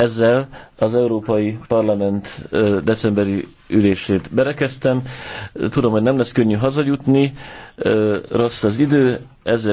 ezzel az Európai Parlament decemberi ülését berekeztem. Tudom, hogy nem lesz könnyű hazajutni, rossz az idő, ezzel